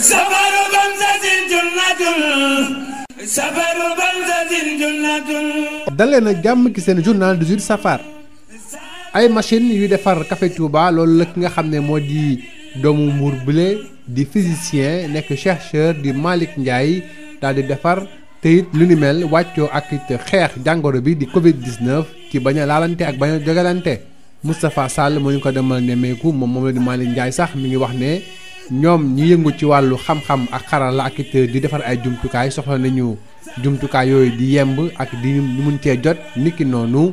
سفر بنزة dalee na jàmm ki seen journal du jour safar ay machine yuy defar café Touba loolu la ki nga xam ne moo di doomu mbuur bile di physicien nekk chercheur di Malick Ndiaye daal di defar te it lu ni mel wàccoo ak it xeex jàngoro bi di Covid 19 ci bañ laalante ak bañ a jogalante Moustapha Sall moo ko demal nemmeeku moom moom la di Malick Ndiaye sax mi ngi wax ne. ñoom ñi yëngu ci wàllu xam-xam ak xarala ak it di defar ay jumtukaay soxla nañu jumtukaay yooyu di yemb ak di ñu mun cee jot nikki noonu.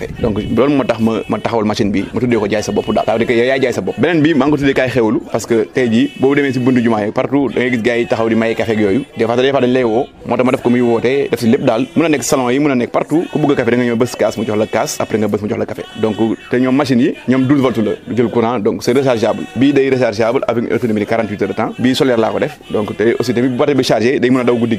jafe donc loolu moo tax ma ma machine bi ma tuddee ko jaay sa bopp daal beneen bi maa ngi tuddee kaay xewlu parce que tey boobu demee si buntu partout da ngay yi taxaw di maye café ak yooyu des fois des fois dañ lay woo moo a nekk salon yi mën a nekk partout ku bëgg a café bës kaas mu jox la kaas après nga bës mu jox la café donc te ñoom machine yi ñoom du jël courant donc c'est rechargeable bi chargé day mën a daw guddi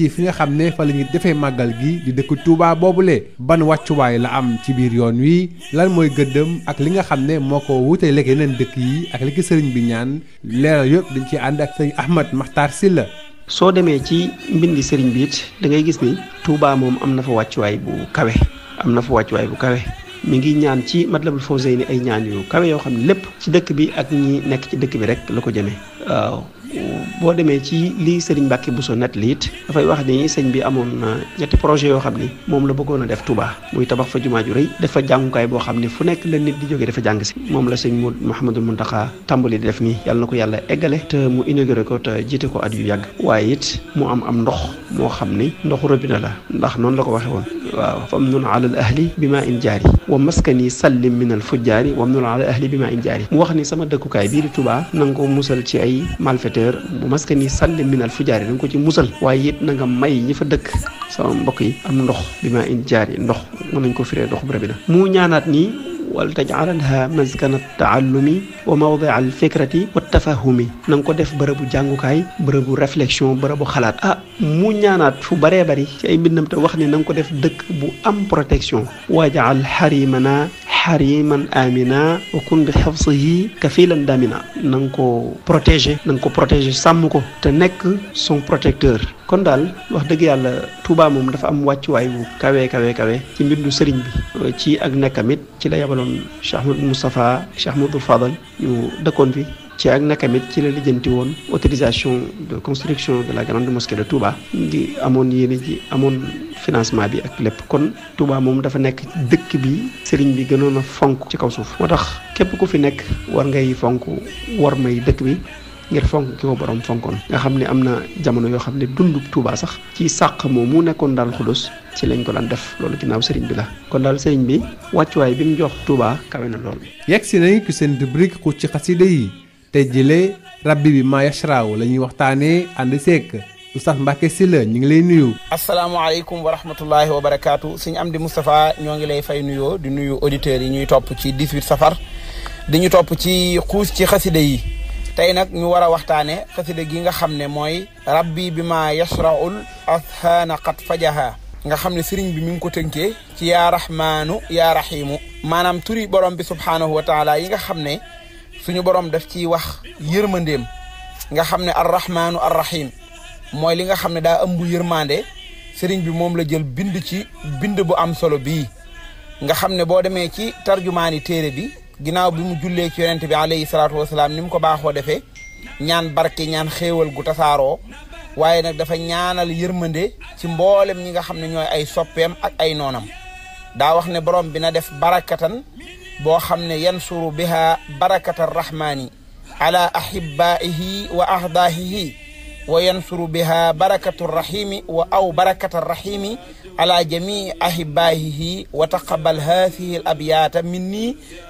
ci fi nga xam ne fa la ñuy defee màggal gi di dëkk Touba boobule ban wàccuwaay la am ci biir yoon wii lan mooy gëddëm ak li nga xam ne moo ko wutee lekk yeneen dëkk yi ak li ki sëriñ bi ñaan leeral yëpp dañ ci ànd ak sëriñ Ahmad maxtar Sylla soo demee ci mbindi sëriñ bi it da ngay gis ni Touba moom am na fa wàccuwaay bu kawe am na fa wàccuwaay bu kawe mu ngi ñaan ci mat la Matlabul Fawzayni ay ñaan yu kawe yoo xam ne lépp ci dëkk bi ak ñi nekk ci dëkk bi rek la ko jëmee boo demee ci lii sëriñ Mbàkke Buso nat liit dafay wax ni sëñ bi amoon na ñetti projet yoo xam ni moom la bëggoon a def tubaa muy tabax fa jumaa ju rëy dafa jàngukaay boo xam ni fu nekk la nit di jógee dafa jàng si moom la sëñ mu Mouhamadul Mountakha tàmbali di def nii yàlla na ko yàlla eggale te mu inauguré ko te jiite ko at yu yàgg waaye it mu am am ndox moo xam ni ndoxu robinet la ndax noonu la ko waxee woon waaw fam nun ala al ahli bi ma in jaari wa maskani sallim min al fujjaari wam nun ala al ahli bi ma in jaari mu wax ni sama dëkkukaay bii di Touba na musal ci ay malfaiteur maskani salli minal fujaari da nga ko ci musal waaye it na nga may ñi fa dëkk sama mbokk am ndox bi maa in jaari ndox mën nañ ko firee ndox bu rabi na mu ñaanaat nii wal tajcalalha maskana taallumi wa mawdia alfikrati wa tafahumi na nga ko def bërëbu jàngukaay bërëbu xalaat ah mu ñaanaat fu baree bari ci ay mbindam te wax ni na nga ko def dëkk bu am protection wajaal xarimana xariman amina wa kun bi xifsihi kafilan damina na nga ko protéger na nga ko protéger sàmm ko te nekk son protecteur kon daal wax dëgg yàlla Touba moom dafa am wàccuwaay bu kawe kawe kawe ci mbindu sëriñ bi ci ak nekkamit ci la yabaloon Cheikh Ahmadou Moustapha Cheikh Ahmadou Fadal ñu dëkkoon fi ci ak nakam it ci la lijjanti woon autorisation de construction de la grande mosquée de Touba ngi amoon yéene ji amoon financement bi ak lépp kon Touba moom dafa nekk dëkk bi sëriñ bi gënoon a fonk ci kaw suuf moo tax képp ku fi nekk war ngay fonk war may dëkk bi ngir fonk ki ko borom fonkoon nga xam ni am na jamono yoo xam ne dundub Touba sax ci sàq moom mu nekkoon daal xudus ci lañ ko daan def loolu ginnaaw sëriñ bi la kon daal sëriñ bi wàccuwaay bi mu jox Touba kawe na lool. te jële rabbi bi maa yashraaw la ñuy waxtaanee ànd seek oustaz Mbacke Sylla ñu ngi lay nuyu asalaamaaleykum wa rahmatullahi wa barakaatu suñu am di Moustapha ñoo ngi lay fay nuyoo di nuyu auditeurs yi ñuy topp ci 18 safar di ñu topp ci xuus ci xasida yi tey nag ñu war a waxtaane xasida gi nga xam ne mooy rabbi bi maa yasraul ashaana qad fajaha nga xam ne sëriñ bi mi ngi ko tënkee ci yaa rahmaanu yaa rahimu maanaam turi borom bi subhaanahu wa taala yi nga xam ne suñu borom def ci wax yërmandeem nga xam ne arrahmaanu arrahim mooy li nga xam ne daa ëmb yërmande sëriñ bi moom la jël bind ci bind bu am solo bii nga xam ne boo demee ci tarjumani téere bi ginnaaw bi mu jullee ci yonente bi alayhi salaatu wasalaam ni mu ko baaxoo defee ñaan barke ñaan xéewal gu tasaaroo waaye nag dafa ñaanal yërmande ci mboolem ñi nga xam ne ñooy ay soppeem ak ay noonam daa wax ne borom bina def barakatan boo xam ne yansuru biha barakata arrahmaani ala ahibbaihi wa ahdaahihi wa yansuru biha barakatu arrahimi wa aw barakata arrahimi ala jamii ahibaahihi wa taqabal haathihi al abyaata minni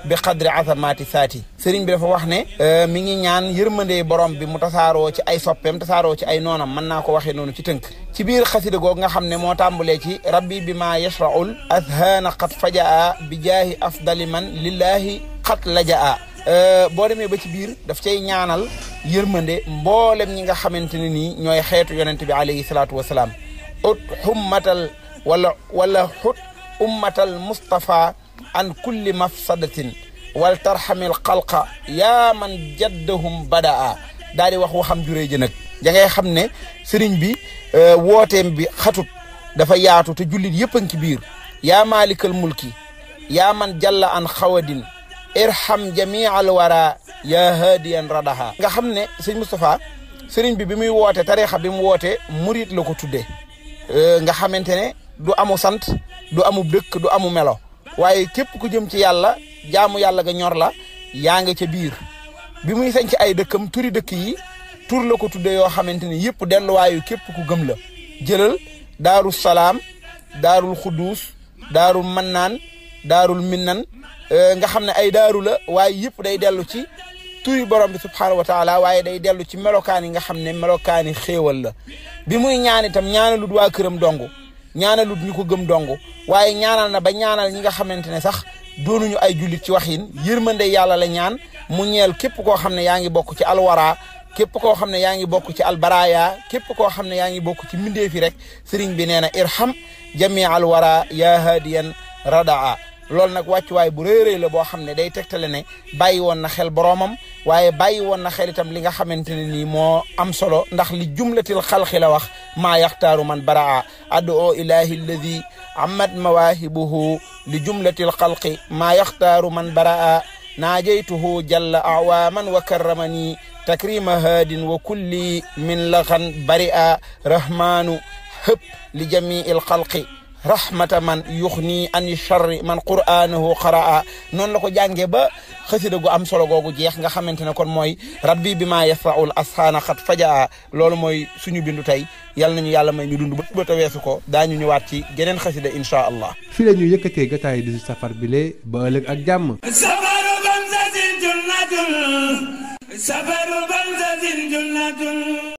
bi qadri azamati saati sëriñ bi dafa wax ne euh, mi ngi ñaan yërmandey borom bi mu tasaaroo ci ay soppeem tasaaroo ci ay noonam mën naa ko waxee noonu ci tënk ci biir xasida googu nga xam ne moo tàmbulee ci rabbi bi maa yashraul azhaana qad fajaa bi jaahi afdali man lillahi qad lajaa euh, boo demee ba ci biir daf cay ñaanal yërmande mboolem ñi nga xamante ne nii ñooy xeetu yonent bi alayhi salaatu wasalaam ut xummatal wala wala xut ummatal Moustapha an kulli mafsadatin wal tarxamil xalqa yaa man jaddahum badaa daal di wax waxam juree ji nag ya ngay xam ne sëriñ bi euh, wooteem bi xatut dafa yaatu te jullit yëpp a ci biir yaa maalikal mulki yaa man jalla an xawadin irham jamial wara yaa haadiyan radaha nga xam ne sëñ Moustapha sëriñ bi bi muy woote tarixa bi mu woote murit la ko tudde euh, nga xamante ne du amu sant du amu dëkk du amu melo waaye képp ku jëm ci yàlla jaamu yàlla ga ñor la yaa nga ca biir bi muy sañ ci ay dëkkam turi dëkk yi tur la ko tuddee yoo xamante ni yëpp delluwaayu képp ku gëm la jëlal daaru salaam daarul xuduus daarul mannaan daarul minnan eh, nga xam ne ay daaru la waaye yëpp day dellu ci turi borom bi subxanahu wa waaye day dellu ci melokaan yi nga xam ne melokaan yi xéewal la bi muy ñaan itam lu waa këram dong. ñaanalut ñu ko gëm dong waaye ñaanal na ba ñaanal ñi nga xamante ne sax doonuñu ay julit ci waxin yërmande yàlla la ñaan mu ñeel képp koo xam ne yaa ngi bokk ci alwara képp koo xam ne yaa ngi bokk ci albaraya képp koo xam ne yaa ngi bokk ci mbindeefi rek sëriñ bi neena na irham jami alwara ya hadiyan radaa loolu nag wàccuwaay bu rëy rëy la boo xam ne day tegtale ne bàyyi woon na xel boroomam waaye bàyyi woon na xel itam li nga xamante ne nii moo am solo ndax li jumlatil xalqi la wax maa yaxtaaru man baraa addu oo ilahi alladi amat mawaahibuhu li jumlatil xalqi maa yaxtaaru man baraa naajaytuhu jalla awaaman wa karramani takrima haadin wa kulli min laxan bari a rahmaanu hëpp li jamii il rahmata man yuxni ani charri man qur'anahu qaraa noonu la ko jàngee ba xasida gu am solo googu jeex nga xamante ne kon mooy rabbi bi ma maa yasraul asxaana xat fajaa loolu mooy suñu bindu tey yal nañu yàlla may ñu dund ba ba ta weesu ko daa ñu ñëwaat ci geneen xasida incha allah fi la ñu yëkkatee gataayi di safar bi ba ëllëg ak jàmm safaru